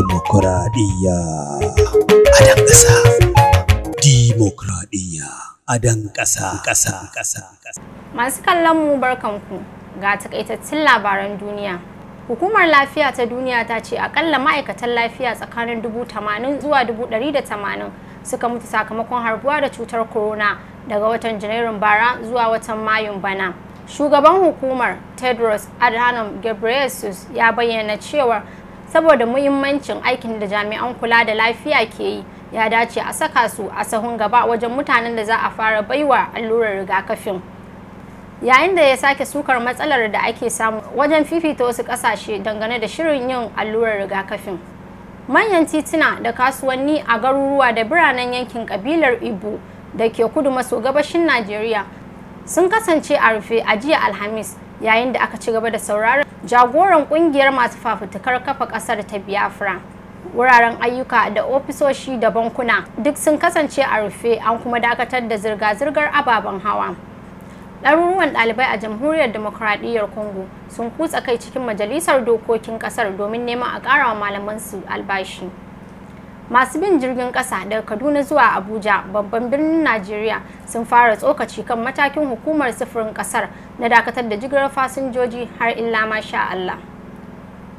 demokradiya Adan ƙasa. ƙasa. Masu kallon mu barkanku ga takaitattun labaran duniya. Hukumar lafiya ta duniya ta ce akalla ma'aikatan lafiya tsakanin dubu tamanin zuwa dubu ɗari da tamanin suka mutu sakamakon harbuwa da cutar corona daga watan janairun bara zuwa watan mayun bana. Shugaban hukumar Tedros Adhanom Ghebreyesus ya bayyana cewar saboda muhimmancin aikin da jami'an kula da lafiya ke yi ya dace a saka su a sahun gaba wajen mutanen da za a fara baiwa allurar rigakafin yayin da ya sake sukar matsalar da ake samu wajen fifita wasu kasashe dangane da shirin yin allurar rigakafin manyan tituna da kasuwanni a garuruwa da biranen yankin kabilar ibo da ke kudu maso gabashin najeriya sun kasance a rufe a jiya alhamis yayin da aka ci gaba da sauraron jagoran kungiyar masu fafutukar kafa kasar ta biafra wuraren ayyuka da ofisoshi da bankuna duk sun kasance a rufe an kuma dakatar da zirga-zirgar ababen hawa ɗaruruwan ɗalibai a jamhuriyar demokradiyyar congo sun kutsa kai cikin majalisar dokokin ƙasar domin neman a ƙarawa malamansu albashi masu bin jirgin kasa daga kaduna zuwa abuja babban birnin najeriya sun fara tsokaci kan matakin hukumar sufurin kasar na dakatar da jigilar fasinjoji har illa ma sha allah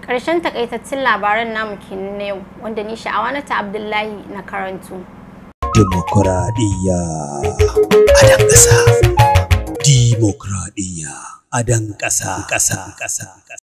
ƙarshen takaitattun labaran namu kenan na yau wanda ni sha'awa na ta abdullahi na karantu dimokuraɗiyya a dan ƙasa dimokuraɗiyya a ƙasa